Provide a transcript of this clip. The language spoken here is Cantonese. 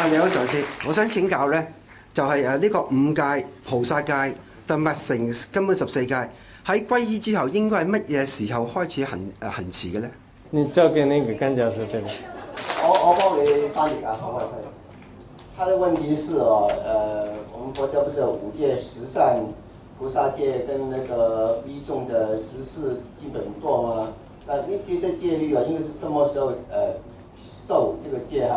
啊、你好，常師，我想請教咧，就係誒呢個五戒、菩薩戒同密乘根本十四戒喺皈依之後應該係乜嘢時候開始行誒行持嘅咧？你最近呢個跟著我出嚟，我我幫你翻譯啊，好啊，翻譯。佢嘅問題是啊，誒、呃，我們佛教不是有五戒十善、菩薩戒跟那個密宗的十四基本座嘛。那你這些戒律啊，應該係什麼時候誒、呃、受這個戒啊？